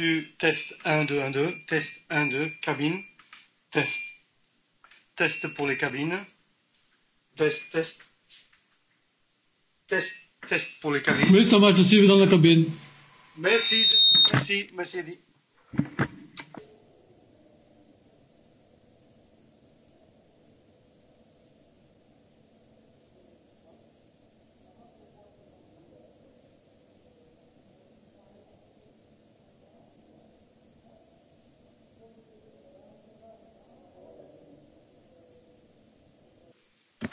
tu testes 1, 2, 1, 2, test 1, 2, cabine, test. Test pour les cabines. Test, test. Test, test pour les cabines. Merci, ça marche aussi dans la cabine. Merci, merci, merci.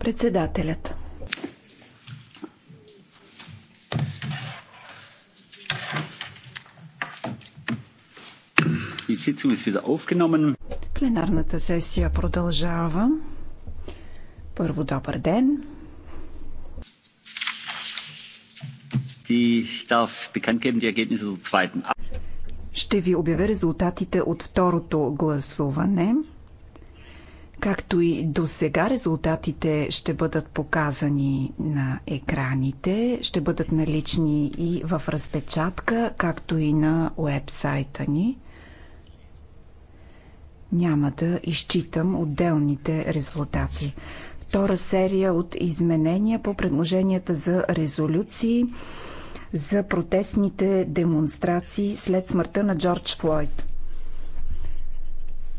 Председателят. Пленарната сесия продължава. Първо добър ден. Ще ви обявя резултатите от второто гласуване. Както и до сега резултатите ще бъдат показани на екраните, ще бъдат налични и в разпечатка, както и на уебсайта ни. Няма да изчитам отделните резултати. Втора серия от изменения по предложенията за резолюции за протестните демонстрации след смъртта на Джордж Флойд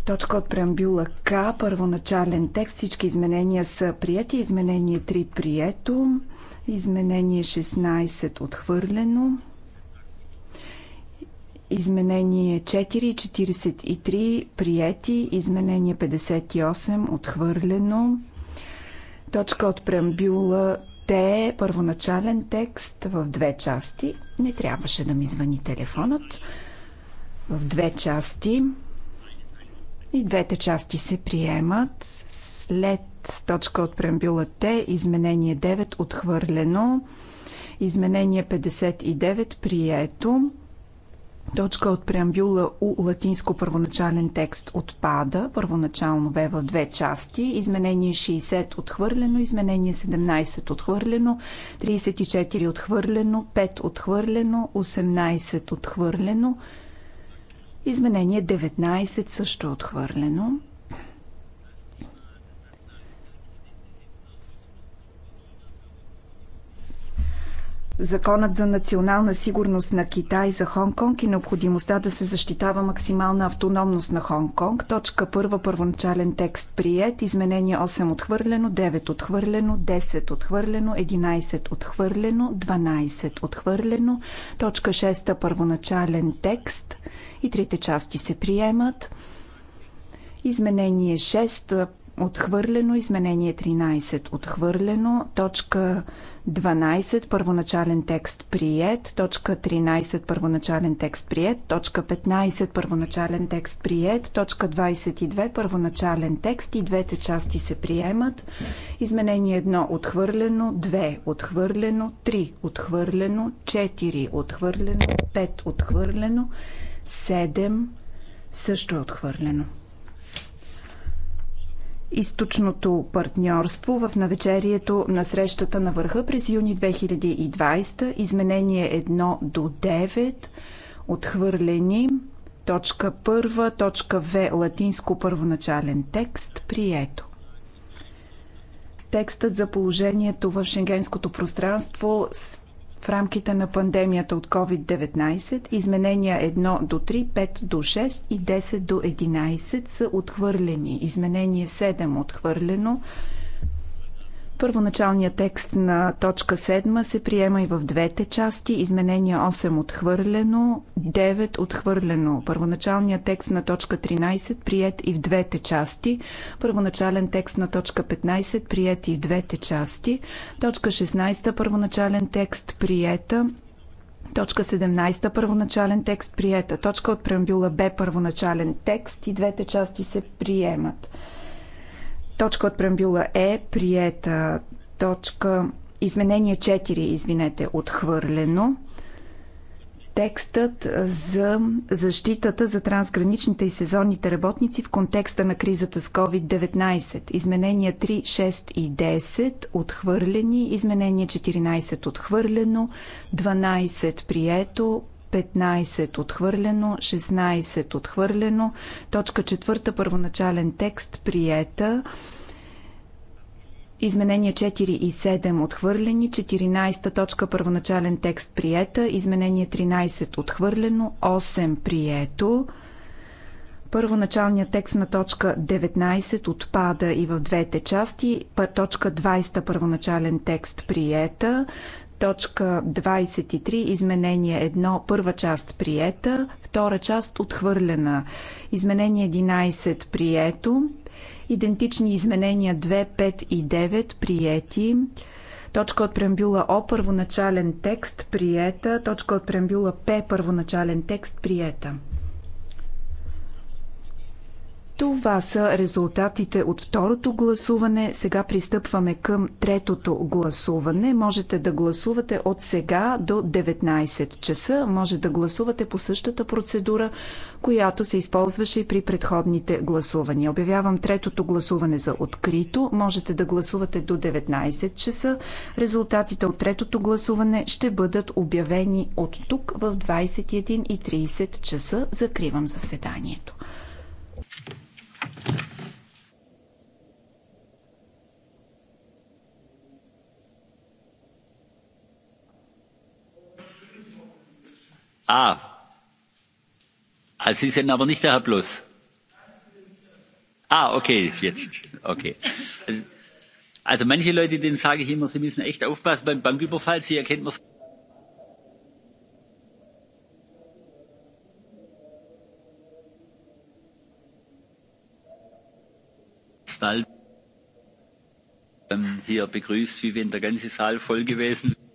точка от преамбюла К, първоначален текст. Всички изменения са прияти. Изменение 3 прието. Изменение 16 отхвърлено. Изменение 4, 43 прияти, Изменение 58 отхвърлено. Точка от преамбюла Т, първоначален текст в две части. Не трябваше да ми звъни телефонът. В две части. И двете части се приемат. След точка от преамбюла Т, изменение 9 отхвърлено, изменение 59 прието, точка от преамбюла У латинско първоначален текст отпада, първоначално бе в две части, изменение 60 отхвърлено, изменение 17 отхвърлено, 34 отхвърлено, 5 отхвърлено, 18 отхвърлено, Изменение 19 също е отхвърлено. Законът за национална сигурност на Китай за Хонг-Конг и необходимостта да се защитава максимална автономност на Хонг-Конг. Точка първа, първоначален текст прият, изменение 8 отхвърлено, 9 отхвърлено, 10 отхвърлено, 11 отхвърлено, 12 отхвърлено. Точка 6 първоначален текст и трите части се приемат. Изменение 6 Отхвърлено изменение 13. Отхвърлено. Точка 12. Първоначален текст прият. Точка 13. Първоначален текст прият. Точка 15. Първоначален текст прият. Точка 22. Първоначален текст и двете части се приемат. Изменение 1. Отхвърлено. 2. Отхвърлено. 3. Отхвърлено. 4. Отхвърлено. 5. Отхвърлено. 7. Също е отхвърлено източното партньорство в навечерието на срещата на върха през юни 2020, изменение 1 до 9, отхвърлени, точка 1, точка В, латинско първоначален текст, прието. Текстът за положението в шенгенското пространство в рамките на пандемията от COVID-19. Изменения 1 до 3, 5 до 6 и 10 до 11 са отхвърлени. Изменение 7 отхвърлено, Първоначалният текст на точка 7 се приема и в двете части. Изменение 8 отхвърлено, 9 отхвърлено. Първоначалният текст на точка 13 прият и в двете части. Първоначален текст на точка 15 прият и в двете части. Точка 16 първоначален текст приета Точка 17 първоначален текст приета. Точка от преамбюла Б първоначален текст и двете части се приемат. Точка от преамбюла е приета. Точка изменение 4, извинете, отхвърлено. Текстът за защитата за трансграничните и сезонните работници в контекста на кризата с COVID-19. Изменения 3, 6 и 10 отхвърлени, изменение 14 отхвърлено, 12 прието, 15 отхвърлено, 16 отхвърлено, точка 4 първоначален текст приета, изменения 4 и 7 отхвърлени, 14 точка първоначален текст приета, изменение 13 отхвърлено, 8 прието, Първоначалният текст на точка 19 отпада и в двете части. Точка 20 първоначален текст приета. Точка 23, изменение 1, първа част приета, втора част отхвърлена. Изменение 11 прието, идентични изменения 2, 5 и 9 приети. Точка от преамбюла О, първоначален текст приета. Точка от преамбюла П, първоначален текст приета. Това са резултатите от второто гласуване. Сега пристъпваме към третото гласуване. Можете да гласувате от сега до 19 часа. Може да гласувате по същата процедура, която се използваше и при предходните гласувания. Обявявам третото гласуване за открито. Можете да гласувате до 19 часа. Резултатите от третото гласуване ще бъдат обявени от тук в 21.30 часа. Закривам заседанието. Ah, Sie sind aber nicht der Herr Plus. Ah, okay, jetzt. Okay. Also, also manche Leute, denen sage ich immer, sie müssen echt aufpassen beim Banküberfall. Sie erkennt man es. hier begrüßt, wie wenn der ganze Saal voll gewesen wäre.